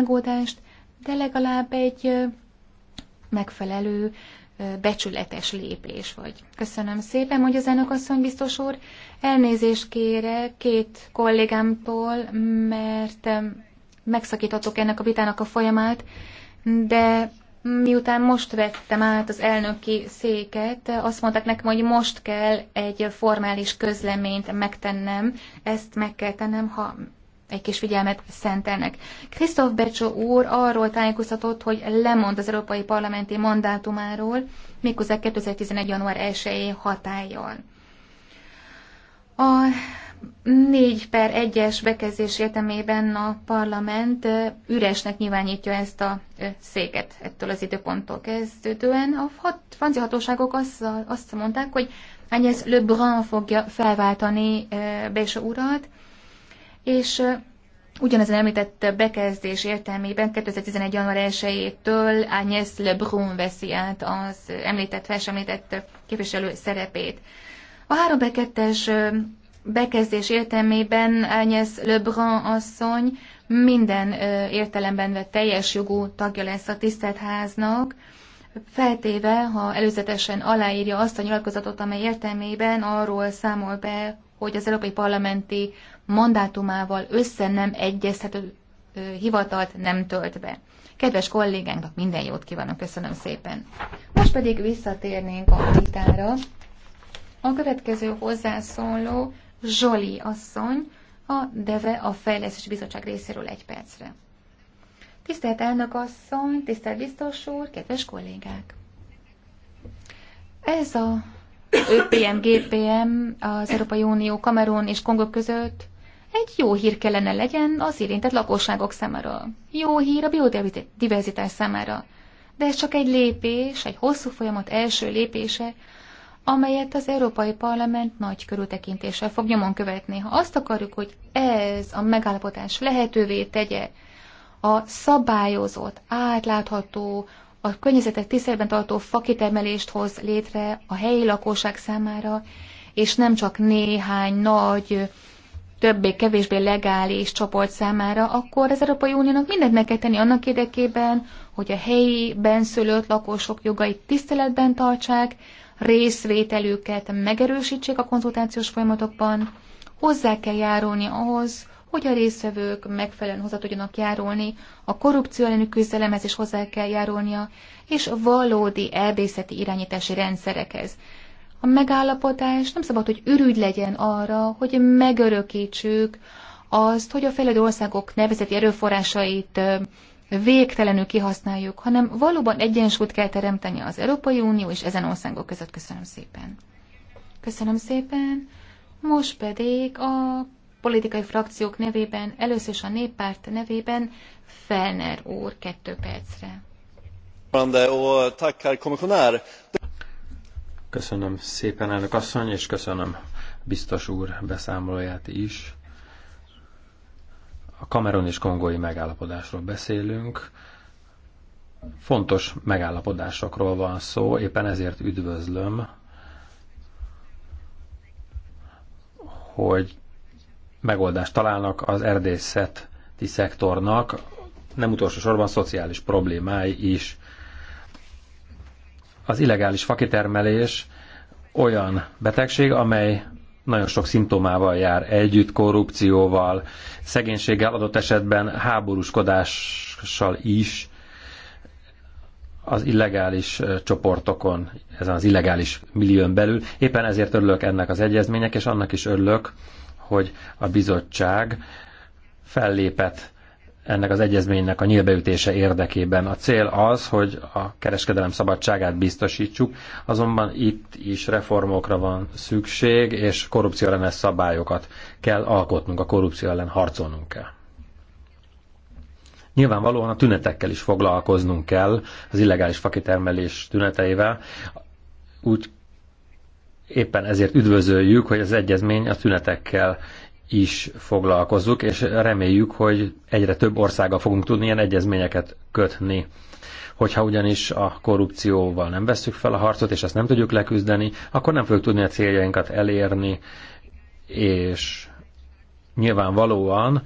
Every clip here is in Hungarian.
megoldást, de legalább egy megfelelő, becsületes lépés vagy. Köszönöm szépen, hogy az elnök asszony biztos úr. Elnézést kére két kollégámtól, mert megszakítottuk ennek a vitának a folyamát, de miután most vettem át az elnöki széket, azt mondták nekem, hogy most kell egy formális közleményt megtennem, ezt meg kell tennem, ha egy kis figyelmet szentelnek. Krisztóf Becsó úr arról tájékoztatott, hogy lemond az Európai Parlamenti mandátumáról, méghozzá 2011. január 1-i hatállyal. A 4 per 1-es bekezdés értelmében a parlament üresnek nyilvánítja ezt a széket ettől az időponttól kezdődően. A hat, francia hatóságok azt, azt mondták, hogy Agnès Lebrun fogja felváltani Bése urat, és ugyanezen említett bekezdés értelmében 2011. január 1-től Agnès Brun veszi át az említett, felsemlített képviselő szerepét. A 3 2 bekezdés értelmében Agnès Brun asszony minden értelemben vett teljes jogú tagja lesz a tisztelt háznak, feltéve, ha előzetesen aláírja azt a nyilatkozatot, amely értelmében arról számol be, hogy az Európai Parlamenti mandátumával össze nem egyeztető hivatalt nem tölt be. Kedves kollégánknak minden jót kívánok, köszönöm szépen. Most pedig visszatérnénk a vitára. A következő hozzászóló Zsoli asszony, a DEVE a Fejlesztési Bizottság részéről egy percre. Tisztelt elnök asszony, tisztelt biztos úr, kedves kollégák! Ez a ÖPM, GPM az Európai Unió, Kamerun és Kongó között egy jó hír kellene legyen az érintett lakosságok számára. Jó hír a biodiverzitás számára. De ez csak egy lépés, egy hosszú folyamat első lépése, amelyet az Európai Parlament nagy körültekintéssel fog nyomon követni. Ha azt akarjuk, hogy ez a megállapodás lehetővé tegye a szabályozott, átlátható, a környezetet tiszteletben tartó fakitermelést hoz létre a helyi lakóság számára, és nem csak néhány nagy, többé-kevésbé legális csoport számára, akkor az Európai Uniónak mindent meg kell tenni annak érdekében, hogy a helyi benszülött lakosok jogait tiszteletben tartsák, részvételüket megerősítsék a konzultációs folyamatokban, hozzá kell járulni ahhoz, hogy a részvevők megfelelően hozzá tudjanak járulni, a korrupció elleni küzdelemhez is hozzá kell járulnia, és valódi erdészeti irányítási rendszerekhez. A megállapodás nem szabad, hogy ürügy legyen arra, hogy megörökítsük azt, hogy a fejlődő országok nevezeti erőforrásait végtelenül kihasználjuk, hanem valóban egyensúlyt kell teremteni az Európai Unió és ezen országok között. Köszönöm szépen. Köszönöm szépen. Most pedig a politikai frakciók nevében, először is a néppárt nevében, Felner úr kettő percre. Köszönöm szépen, elnök asszony, és köszönöm biztos úr beszámolóját is. A Kamerun és kongói megállapodásról beszélünk. Fontos megállapodásokról van szó, éppen ezért üdvözlöm, hogy megoldást találnak az erdészeti szektornak, nem utolsó sorban szociális problémái is. Az illegális fakitermelés olyan betegség, amely nagyon sok szimptomával jár együtt, korrupcióval, szegénységgel, adott esetben háborúskodással is az illegális csoportokon, ezen az illegális millión belül. Éppen ezért örülök ennek az egyezménynek, és annak is örülök, hogy a bizottság fellépett ennek az egyezménynek a nyílbeütése érdekében. A cél az, hogy a kereskedelem szabadságát biztosítsuk, azonban itt is reformokra van szükség, és korrupció ellenes szabályokat kell alkotnunk, a korrupció ellen harcolnunk kell. Nyilvánvalóan a tünetekkel is foglalkoznunk kell, az illegális fakitermelés tüneteivel. Úgy éppen ezért üdvözöljük, hogy az egyezmény a tünetekkel is foglalkozzuk, és reméljük, hogy egyre több országgal fogunk tudni ilyen egyezményeket kötni. Hogyha ugyanis a korrupcióval nem vesszük fel a harcot, és ezt nem tudjuk leküzdeni, akkor nem fogjuk tudni a céljainkat elérni, és nyilvánvalóan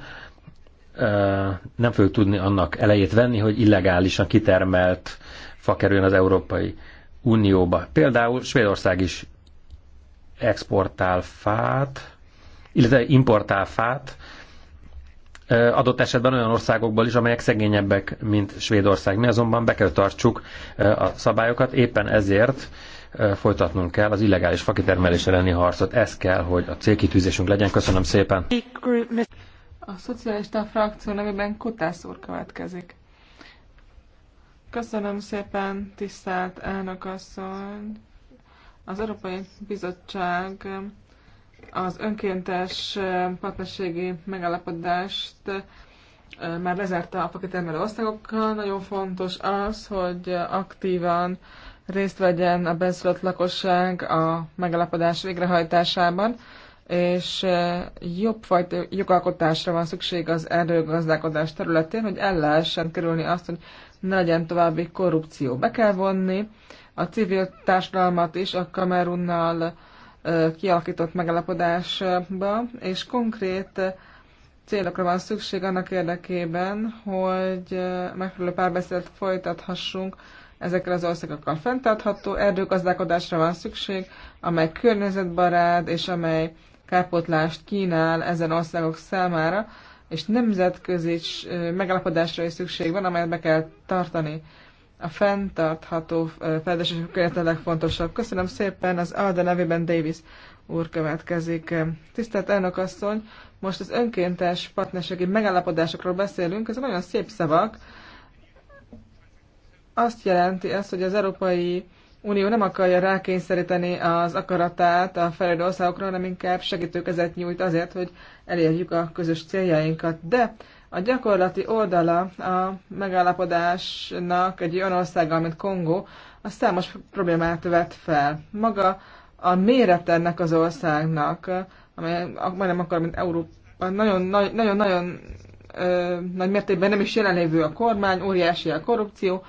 nem fogjuk tudni annak elejét venni, hogy illegálisan kitermelt fa kerüljön az Európai Unióba. Például Svédország is exportál fát, illetve importál fát, adott esetben olyan országokból is, amelyek szegényebbek, mint Svédország. Mi azonban be kell tartsuk a szabályokat, éppen ezért folytatnunk kell az illegális fakitermelés elleni harcot. Ez kell, hogy a célkitűzésünk legyen. Köszönöm szépen. A szocialista frakció nevében Kutász úr következik. Köszönöm szépen, tisztelt elnök asszony. Az Európai Bizottság az önkéntes partnerségi megállapodást már lezárta a fakitermelő országokkal. Nagyon fontos az, hogy aktívan részt vegyen a benszülött lakosság a megállapodás végrehajtásában, és jobb fajta jogalkotásra van szükség az erőgazdálkodás területén, hogy el lehessen kerülni azt, hogy ne legyen további korrupció. Be kell vonni a civil társadalmat is a Kamerunnal kialakított megalapodásba, és konkrét célokra van szükség annak érdekében, hogy megfelelő párbeszédet folytathassunk ezekkel az országokkal. Fenntartható erdőgazdálkodásra van szükség, amely környezetbarát és amely kárpotlást kínál ezen országok számára, és nemzetközi megalapodásra is szükség van, amelyet be kell tartani a fenntartható fejlesztések követ a legfontosabb. Köszönöm szépen, az Alda nevében Davis úr következik. Tisztelt elnök asszony, most az önkéntes partnerségi megállapodásokról beszélünk, ez nagyon szép szavak. Azt jelenti ez, hogy az Európai Unió nem akarja rákényszeríteni az akaratát a fejlődő országokra, hanem inkább segítőkezet nyújt azért, hogy elérjük a közös céljainkat. De a gyakorlati oldala a megállapodásnak egy olyan országgal, mint Kongó, a számos problémát vet fel. Maga a méret ennek az országnak, amely majdnem akkor, mint Európa, nagyon-nagyon nagy mértékben nem is jelenlévő a kormány, óriási a korrupció.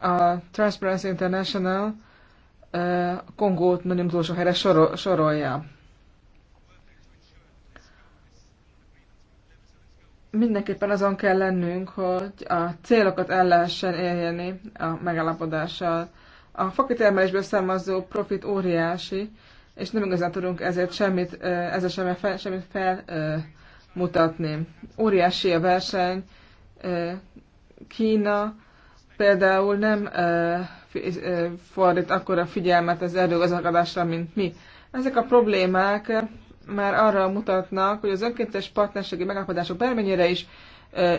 A Transparency International ö, Kongót nagyon utolsó helyre sorol, sorolja. mindenképpen azon kell lennünk, hogy a célokat el lehessen érjeni a megállapodással. A fakitermelésből származó profit óriási, és nem igazán tudunk ezért semmit, ezzel semmit, fel, semmit felmutatni. Óriási a verseny. Kína például nem fordít akkora figyelmet az erdőgazdálkodásra, mint mi. Ezek a problémák már arra mutatnak, hogy az önkéntes partnerségi megállapodások bármennyire is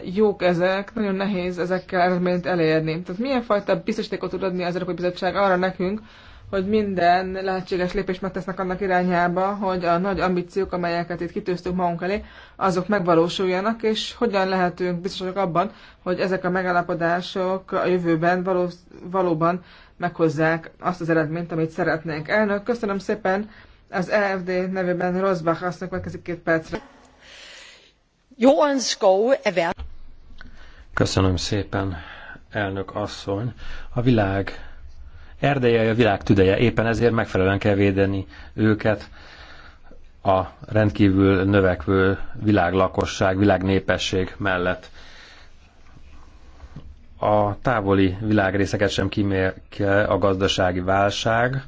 jók ezek, nagyon nehéz ezekkel eredményt elérni. Tehát milyen fajta biztosítékot tud adni az Európai Bizottság arra nekünk, hogy minden lehetséges lépést megtesznek annak irányába, hogy a nagy ambíciók, amelyeket itt kitűztünk magunk elé, azok megvalósuljanak, és hogyan lehetünk biztosak abban, hogy ezek a megállapodások a jövőben való, valóban meghozzák azt az eredményt, amit szeretnénk. Elnök, köszönöm szépen! Az EFD nevében Rosbach azt következik két percre. Köszönöm szépen, elnök asszony. A világ erdeje, a világ tüdeje, éppen ezért megfelelően kell védeni őket a rendkívül növekvő világlakosság, világnépesség mellett. A távoli világrészeket sem kímélke a gazdasági válság,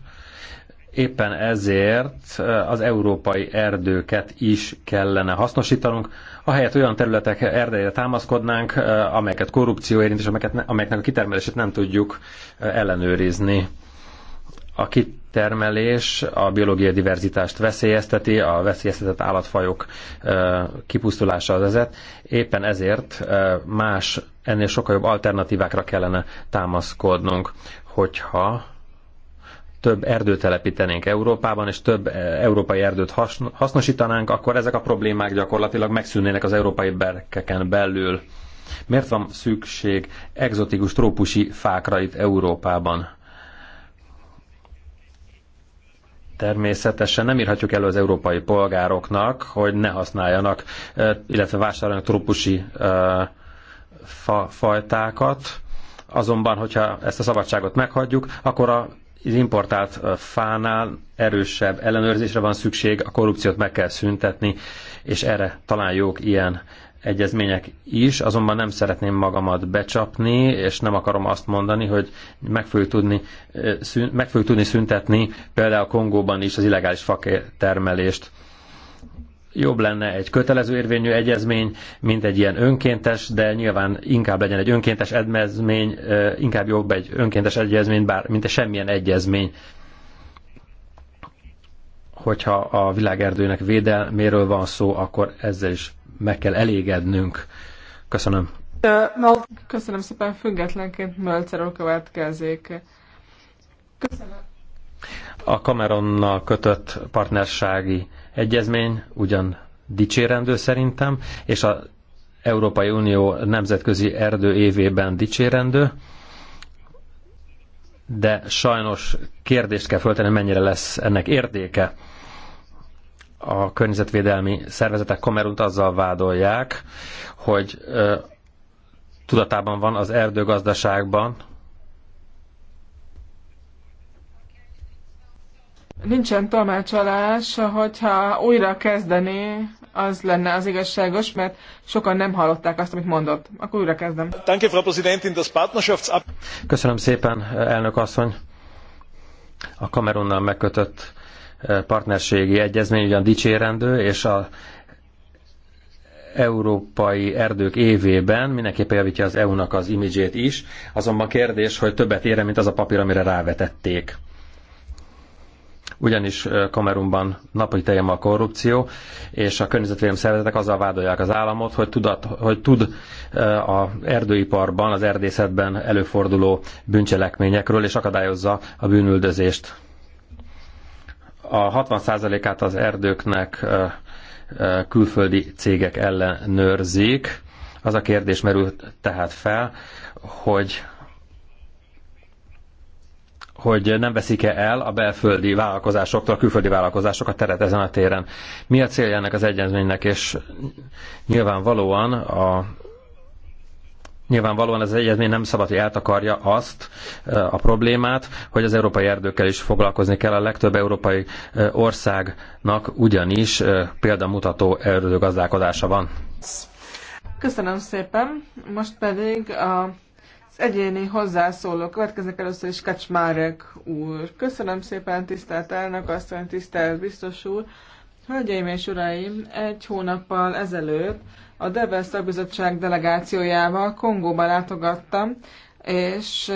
Éppen ezért eh, az európai erdőket is kellene hasznosítanunk, ahelyett olyan területek erdeire támaszkodnánk, eh, amelyeket korrupció érint, és amelyeket, amelyeknek a kitermelését nem tudjuk eh, ellenőrizni. A kitermelés a biológiai diverzitást veszélyezteti, a veszélyeztetett állatfajok kipusztulása az ezet. Éppen ezért más, ennél sokkal jobb alternatívákra kellene támaszkodnunk, hogyha több erdőt telepítenénk Európában, és több eh, európai erdőt hasznosítanánk, akkor ezek a problémák gyakorlatilag megszűnnének az európai berkeken belül. Miért van szükség egzotikus trópusi fákra itt Európában? Természetesen nem írhatjuk elő az európai polgároknak, hogy ne használjanak, eh, illetve vásároljanak trópusi eh, fa, fajtákat. Azonban, hogyha ezt a szabadságot meghagyjuk, akkor a az importált fánál erősebb ellenőrzésre van szükség, a korrupciót meg kell szüntetni, és erre talán jók ilyen egyezmények is, azonban nem szeretném magamat becsapni, és nem akarom azt mondani, hogy meg fogjuk tudni, szün, meg fogjuk tudni szüntetni például Kongóban is az illegális termelést jobb lenne egy kötelező érvényű egyezmény, mint egy ilyen önkéntes, de nyilván inkább legyen egy önkéntes egyezmény, inkább jobb egy önkéntes egyezmény, bár, mint egy semmilyen egyezmény hogyha a világerdőnek védelméről van szó, akkor ezzel is meg kell elégednünk. Köszönöm. Köszönöm szépen, függetlenként Mölcerről következik. Köszönöm. A Cameronnal kötött partnersági egyezmény ugyan dicsérendő szerintem, és az Európai Unió nemzetközi erdő évében dicsérendő, de sajnos kérdést kell föltenni, mennyire lesz ennek értéke. A környezetvédelmi szervezetek Kamerunt azzal vádolják, hogy ö, tudatában van az erdőgazdaságban, nincsen tolmácsolás, hogyha újra kezdené, az lenne az igazságos, mert sokan nem hallották azt, amit mondott. Akkor újra kezdem. Köszönöm szépen, elnök asszony. A Kamerunnal megkötött eh, partnerségi egyezmény ugyan dicsérendő, és a európai erdők évében mindenképpen javítja az EU-nak az imidzsét is, azonban kérdés, hogy többet ére, mint az a papír, amire rávetették ugyanis Kamerunban napi teljem a korrupció, és a környezetvédelmi szervezetek azzal vádolják az államot, hogy, tudat, hogy tud az erdőiparban, az erdészetben előforduló bűncselekményekről, és akadályozza a bűnüldözést. A 60%-át az erdőknek külföldi cégek ellenőrzik. Az a kérdés merült tehát fel, hogy hogy nem veszik-e el a belföldi vállalkozásoktól, a külföldi a teret ezen a téren. Mi a célja ennek az egyezménynek, és nyilvánvalóan a Nyilvánvalóan az egyezmény nem szabad, hogy eltakarja azt a problémát, hogy az európai erdőkkel is foglalkozni kell. A legtöbb európai országnak ugyanis példamutató erdőgazdálkodása van. Köszönöm szépen. Most pedig a az egyéni hozzászóló következnek először is Kacsmárek úr. Köszönöm szépen, tisztelt elnök, aztán tisztelt biztos úr. Hölgyeim és uraim, egy hónappal ezelőtt a Deve Szakbizottság delegációjával Kongóba látogattam, és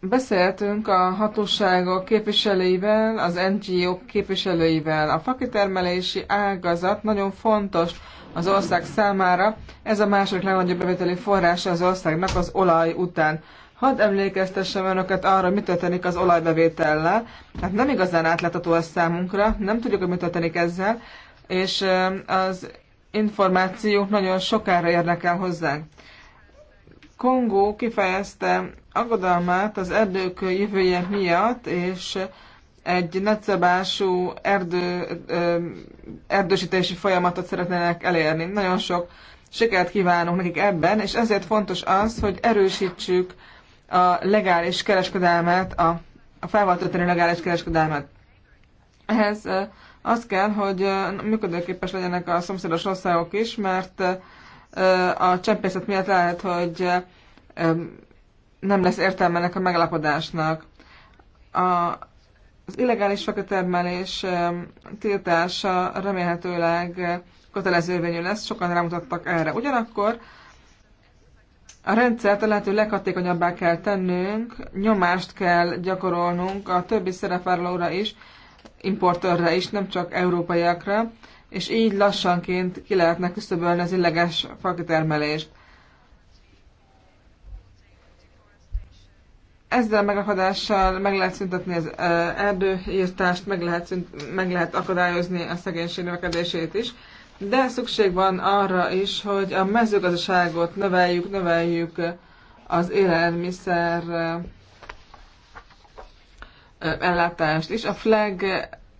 beszéltünk a hatóságok képviselőivel, az NGO képviselőivel. A fakitermelési ágazat nagyon fontos az ország számára. Ez a második legnagyobb bevételi forrása az országnak az olaj után. Hadd emlékeztessem önöket arra, hogy mi történik az olajbevétellel. Hát nem igazán átlátható ez számunkra, nem tudjuk, hogy mi történik ezzel, és az információk nagyon sokára érnek el hozzánk. Kongó kifejezte aggodalmát az erdők jövője miatt, és egy nagyszabású erdő, erdősítési folyamatot szeretnének elérni. Nagyon sok sikert kívánunk nekik ebben, és ezért fontos az, hogy erősítsük a legális kereskedelmet, a, a felváltatani legális kereskedelmet. Ehhez az kell, hogy működőképes legyenek a szomszédos országok is, mert a csempészet miatt lehet, hogy nem lesz értelme ennek a megalapodásnak. A az illegális fekete tiltása remélhetőleg kötelezővényű lesz, sokan rámutattak erre. Ugyanakkor a rendszert a lehető leghatékonyabbá kell tennünk, nyomást kell gyakorolnunk a többi szerepvállalóra is, importőrre is, nem csak európaiakra, és így lassanként ki lehetne küszöbölni az illeges fakitermelést. Ezzel a megakadással meg lehet szüntetni az erdőírtást, meg lehet, szünt, meg lehet akadályozni a szegénység növekedését is, de szükség van arra is, hogy a mezőgazdaságot növeljük, növeljük az élelmiszer ellátást is. A flag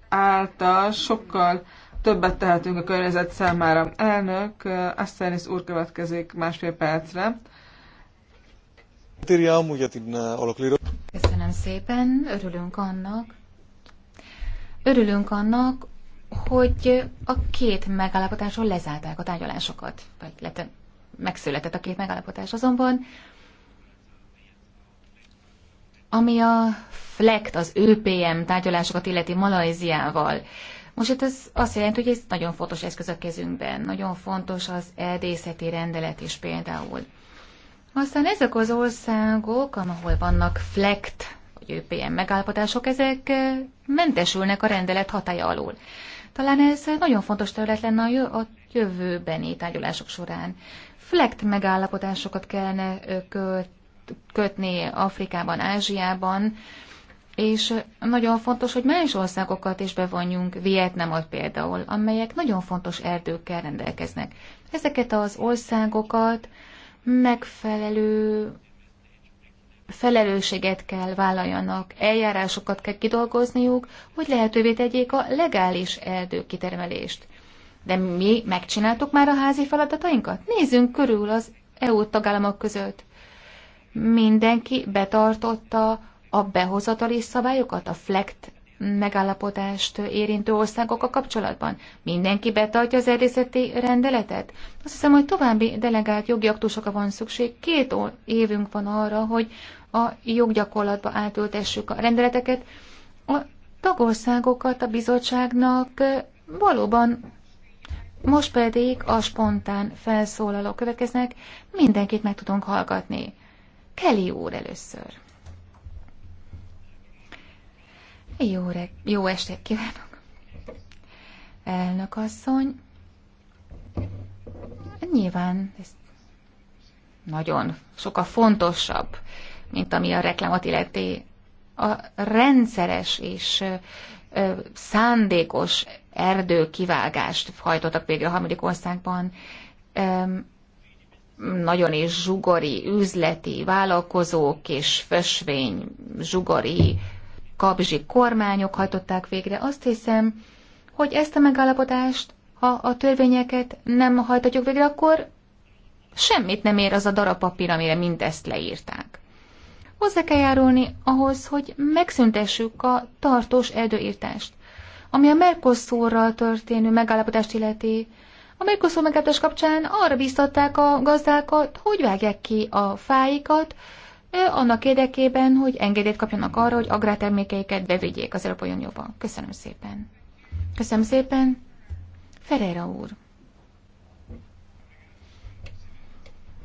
által sokkal többet tehetünk a környezet számára. Elnök, Asszernis úr következik másfél percre. Köszönöm szépen, örülünk annak. Örülünk annak, hogy a két megállapotásról lezárták a tárgyalásokat, vagy megszületett a két megállapotás. Azonban ami a FLECT, az ÖPM tárgyalásokat illeti Malajziával. Most itt ez azt jelenti, hogy ez nagyon fontos eszköz a kezünkben. Nagyon fontos az erdészeti rendelet is például. Aztán ezek az országok, ahol vannak FLECT, vagy ÖPM megállapodások, ezek eh, mentesülnek a rendelet hatája alól. Talán ez nagyon fontos terület lenne a jövőbeni tárgyalások során. FLECT megállapodásokat kellene kötni Afrikában, Ázsiában, és nagyon fontos, hogy más országokat is bevonjunk, Vietnamot például, amelyek nagyon fontos erdőkkel rendelkeznek. Ezeket az országokat megfelelő felelősséget kell vállaljanak, eljárásokat kell kidolgozniuk, hogy lehetővé tegyék a legális erdőkitermelést. De mi megcsináltuk már a házi feladatainkat? Nézzünk körül az EU tagállamok között. Mindenki betartotta a behozatali szabályokat, a FLECT megállapodást érintő országokkal kapcsolatban? Mindenki betartja az erdészeti rendeletet? Azt hiszem, hogy további delegált jogi aktusokra van szükség. Két évünk van arra, hogy a joggyakorlatba átültessük a rendeleteket. A tagországokat a bizottságnak valóban most pedig a spontán felszólalók következnek, mindenkit meg tudunk hallgatni. Kelly úr először. Jó, reg- jó estét kívánok! Elnök asszony, nyilván ez nagyon sokkal fontosabb, mint ami a reklámot illeti. A rendszeres és ö, szándékos erdőkivágást hajtottak végre a harmadik országban. Ö, nagyon is zsugori üzleti vállalkozók és fösvény zsugori kapzsi kormányok hajtották végre. Azt hiszem, hogy ezt a megállapodást, ha a törvényeket nem hajtatjuk végre, akkor semmit nem ér az a darab papír, amire mindezt leírták. Hozzá kell járulni ahhoz, hogy megszüntessük a tartós erdőírtást, ami a Mercosurral történő megállapodást illeti. A Mercosur megállapodás kapcsán arra biztatták a gazdákat, hogy vágják ki a fáikat, annak érdekében, hogy engedélyt kapjanak arra, hogy agrártermékeiket bevigyék az Európai Unióba. Köszönöm szépen. Köszönöm szépen. Ferreira úr.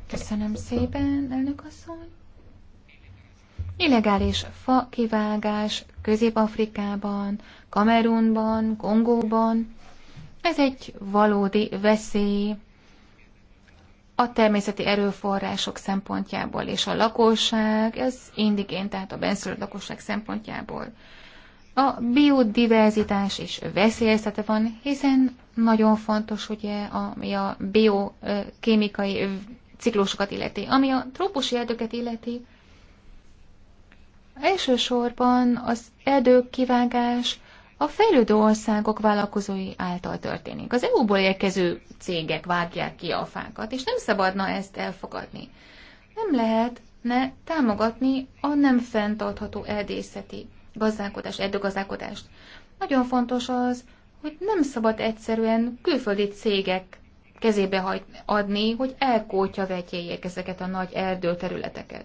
Köszönöm szépen, elnök asszony. Illegális fa kivágás Közép-Afrikában, Kamerunban, Kongóban. Ez egy valódi veszély a természeti erőforrások szempontjából és a lakosság, ez indigén, tehát a benszülött lakosság szempontjából. A biodiverzitás is veszélyeztetve van, hiszen nagyon fontos, ugye, ami a biokémikai ciklusokat illeti, ami a trópusi erdőket illeti. Elsősorban az erdők kivágás a fejlődő országok vállalkozói által történik. Az EU-ból érkező cégek vágják ki a fákat, és nem szabadna ezt elfogadni. Nem lehetne támogatni a nem fenntartható erdészeti gazdálkodást, erdőgazdálkodást. Nagyon fontos az, hogy nem szabad egyszerűen külföldi cégek kezébe adni, hogy elkótya vetjéjék ezeket a nagy erdőterületeket.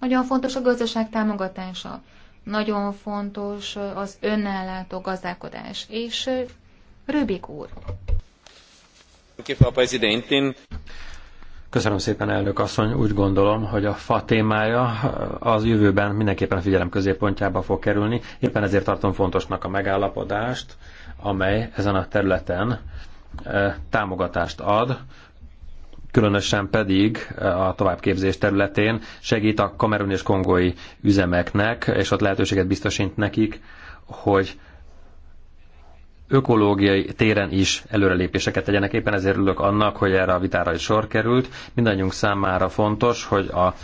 Nagyon fontos a gazdaság támogatása. Nagyon fontos az önállátó gazdálkodás. És Röbik úr. Köszönöm szépen, elnök asszony. Úgy gondolom, hogy a fa témája az jövőben mindenképpen a figyelem középpontjába fog kerülni. Éppen ezért tartom fontosnak a megállapodást, amely ezen a területen támogatást ad különösen pedig eh, a továbbképzés területén segít a kamerun és kongói üzemeknek, és ott lehetőséget biztosít nekik, hogy ökológiai téren is előrelépéseket tegyenek. Éppen ezért örülök annak, hogy erre a vitára is sor került. Mindannyiunk számára fontos, hogy a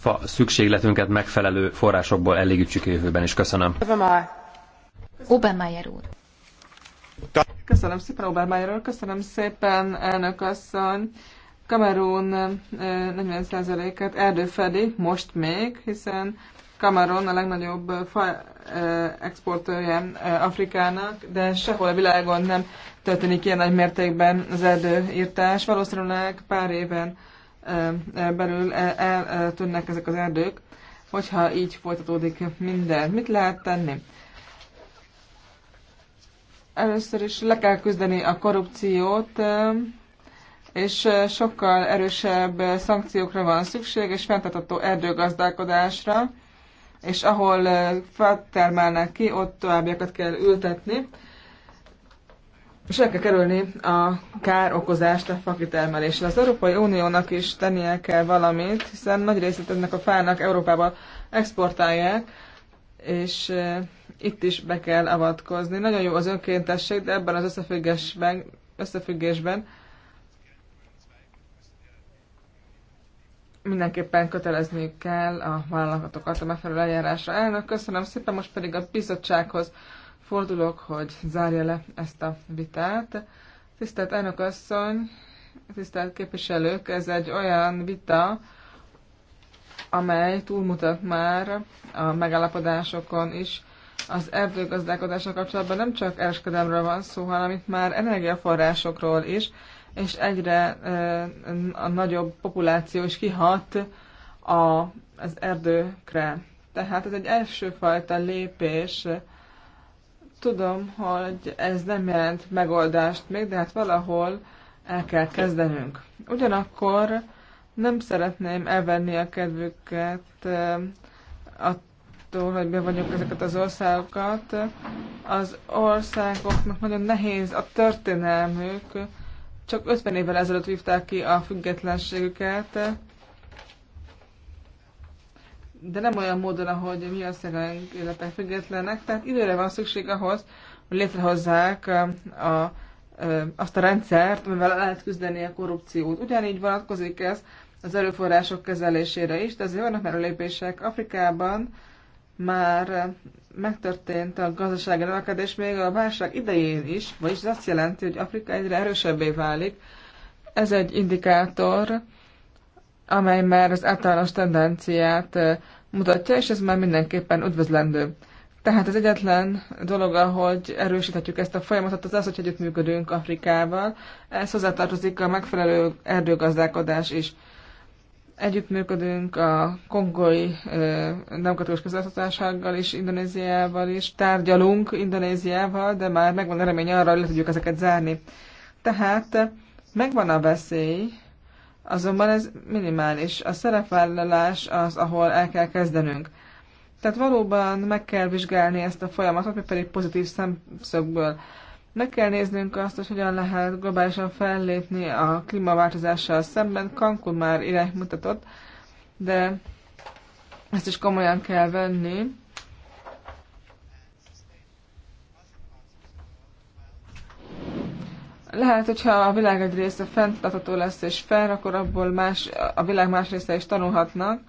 fa szükségletünket megfelelő forrásokból elégítsük jövőben is. Köszönöm. Obermeyer úr. Köszönöm szépen, Obermeyer úr. Köszönöm szépen, elnök asszony. Kamerun 40%-át erdő fedi, most még, hiszen Kamerun a legnagyobb fa exportőrje Afrikának, de sehol a világon nem történik ilyen nagy mértékben az erdőírtás. Valószínűleg pár éven belül e, eltűnnek ezek az erdők, hogyha így folytatódik minden. Mit lehet tenni? Először is le kell küzdeni a korrupciót, és sokkal erősebb szankciókra van szükség, és fenntartható erdőgazdálkodásra, és ahol fát termelnek ki, ott továbbiakat kell ültetni, és el kell kerülni a kár okozást a fakitermeléssel. Az Európai Uniónak is tennie kell valamit, hiszen nagy részét ennek a fának Európába exportálják, és itt is be kell avatkozni. Nagyon jó az önkéntesség, de ebben az összefüggésben, összefüggésben mindenképpen kötelezni kell a vállalatokat a megfelelő eljárásra. Elnök, köszönöm szépen, most pedig a bizottsághoz fordulok, hogy zárja le ezt a vitát. Tisztelt elnök asszony, tisztelt képviselők, ez egy olyan vita, amely túlmutat már a megállapodásokon is. Az erdőgazdálkodással kapcsolatban nem csak ereskedelmről van szó, hanem itt már energiaforrásokról is, és egyre a nagyobb populáció is kihat a, az erdőkre. Tehát ez egy elsőfajta lépés. Tudom, hogy ez nem jelent megoldást még, de hát valahol el kell kezdenünk. Ugyanakkor nem szeretném elvenni a kedvüket attól, hogy be ezeket az országokat. Az országoknak nagyon nehéz a történelmük, csak 50 évvel ezelőtt vívták ki a függetlenségüket, de nem olyan módon, ahogy mi azt jelenleg, illetve függetlenek, tehát időre van szükség ahhoz, hogy létrehozzák a, azt a rendszert, amivel lehet küzdeni a korrupciót. Ugyanígy vonatkozik ez az erőforrások kezelésére is, de azért vannak már lépések Afrikában, már megtörtént a gazdasági növekedés még a válság idején is, vagyis ez azt jelenti, hogy Afrika egyre erősebbé válik. Ez egy indikátor, amely már az általános tendenciát mutatja, és ez már mindenképpen üdvözlendő. Tehát az egyetlen dolog, ahogy erősíthetjük ezt a folyamatot, az az, hogy együttműködünk Afrikával. Ez hozzátartozik a megfelelő erdőgazdálkodás is. Együttműködünk a kongói demokratikus közgazdasággal és Indonéziával is, tárgyalunk Indonéziával, de már megvan a remény arra, hogy le tudjuk ezeket zárni. Tehát megvan a veszély, azonban ez minimális. A szerepvállalás az, ahol el kell kezdenünk. Tehát valóban meg kell vizsgálni ezt a folyamatot, mi pedig pozitív szemszögből. Meg kell néznünk azt, hogy hogyan lehet globálisan fellépni a klímaváltozással szemben. Cancun már irányt mutatott, de ezt is komolyan kell venni. Lehet, hogyha a világ egy része fenntartható lesz és fel, akkor abból más, a világ más része is tanulhatnak.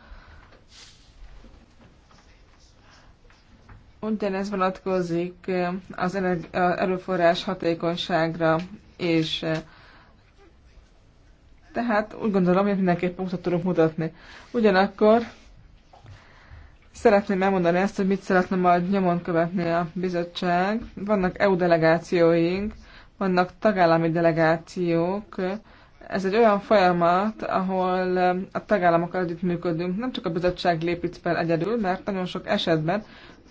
Ugyanez vonatkozik az erőforrás hatékonyságra, és tehát úgy gondolom, hogy mindenképp pontot tudunk mutatni. Ugyanakkor szeretném elmondani ezt, hogy mit szeretne majd nyomon követni a bizottság. Vannak EU delegációink, vannak tagállami delegációk. Ez egy olyan folyamat, ahol a tagállamokkal együttműködünk. Nem csak a bizottság lépít fel egyedül, mert nagyon sok esetben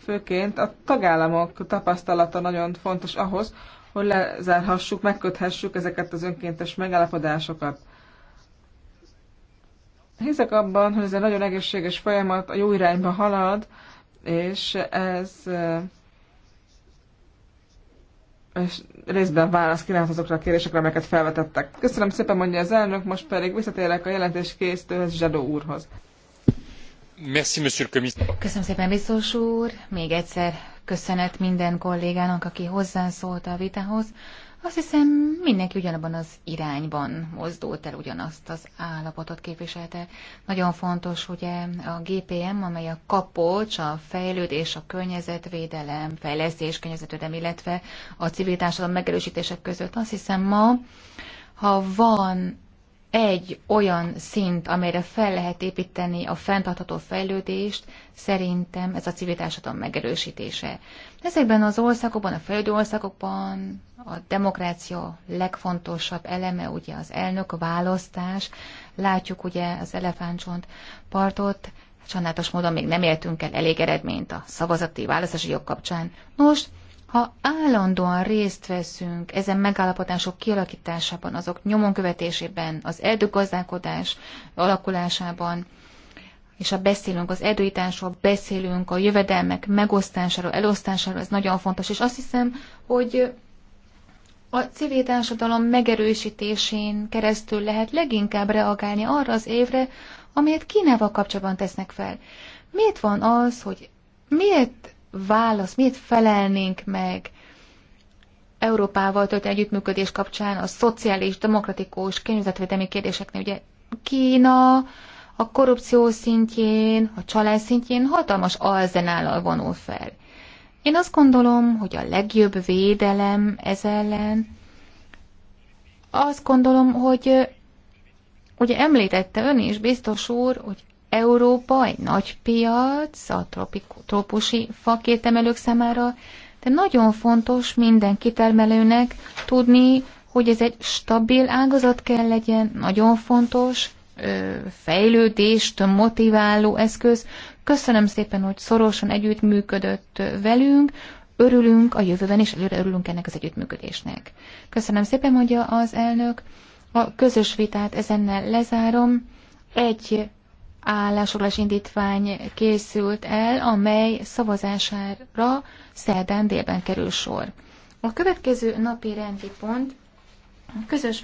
főként a tagállamok tapasztalata nagyon fontos ahhoz, hogy lezárhassuk, megköthessük ezeket az önkéntes megállapodásokat. Hiszek abban, hogy ez egy nagyon egészséges folyamat a jó irányba halad, és ez eh, és részben válasz kínált azokra a kérésekre, amelyeket felvetettek. Köszönöm szépen, mondja az elnök, most pedig visszatérek a jelentés készítőhöz Zsadó úrhoz. Köszönöm szépen, biztos úr. Még egyszer köszönet minden kollégának, aki hozzászólt a vitához. Azt hiszem, mindenki ugyanabban az irányban mozdult el, ugyanazt az állapotot képviselte. Nagyon fontos ugye a GPM, amely a kapocs, a fejlődés, a környezetvédelem, fejlesztés, környezetvédelem, illetve a civil társadalom megerősítések között. Azt hiszem ma, ha van egy olyan szint, amelyre fel lehet építeni a fenntartható fejlődést, szerintem ez a civil társadalom megerősítése. Ezekben az országokban, a fejlődő országokban a demokrácia legfontosabb eleme ugye az elnök választás. Látjuk ugye az elefántcsont partot, csanátos módon még nem éltünk el elég eredményt a szavazati választási jog kapcsán. Most ha állandóan részt veszünk ezen megállapodások kialakításában, azok nyomon követésében, az erdőgazdálkodás alakulásában, és ha beszélünk az erdőításról, beszélünk a jövedelmek megosztásáról, elosztásáról, ez nagyon fontos, és azt hiszem, hogy a civil társadalom megerősítésén keresztül lehet leginkább reagálni arra az évre, amelyet Kínával kapcsolatban tesznek fel. Miért van az, hogy miért válasz, miért felelnénk meg Európával tölt együttműködés kapcsán a szociális, demokratikus, környezetvédelmi kérdéseknél. Ugye Kína a korrupció szintjén, a család szintjén hatalmas alzenállal vonul fel. Én azt gondolom, hogy a legjobb védelem ez ellen, azt gondolom, hogy ugye említette ön is, biztos úr, hogy Európa egy nagy piac, a trópusi fakértemelők számára, de nagyon fontos minden kitermelőnek tudni, hogy ez egy stabil ágazat kell legyen, nagyon fontos, fejlődést motiváló eszköz. Köszönöm szépen, hogy szorosan együttműködött velünk, örülünk a jövőben, és előre örülünk ennek az együttműködésnek. Köszönöm szépen, mondja az elnök. A közös vitát ezennel lezárom. Egy állásfoglalás indítvány készült el, amely szavazására szerdán délben kerül sor. A következő napi rendi pont közös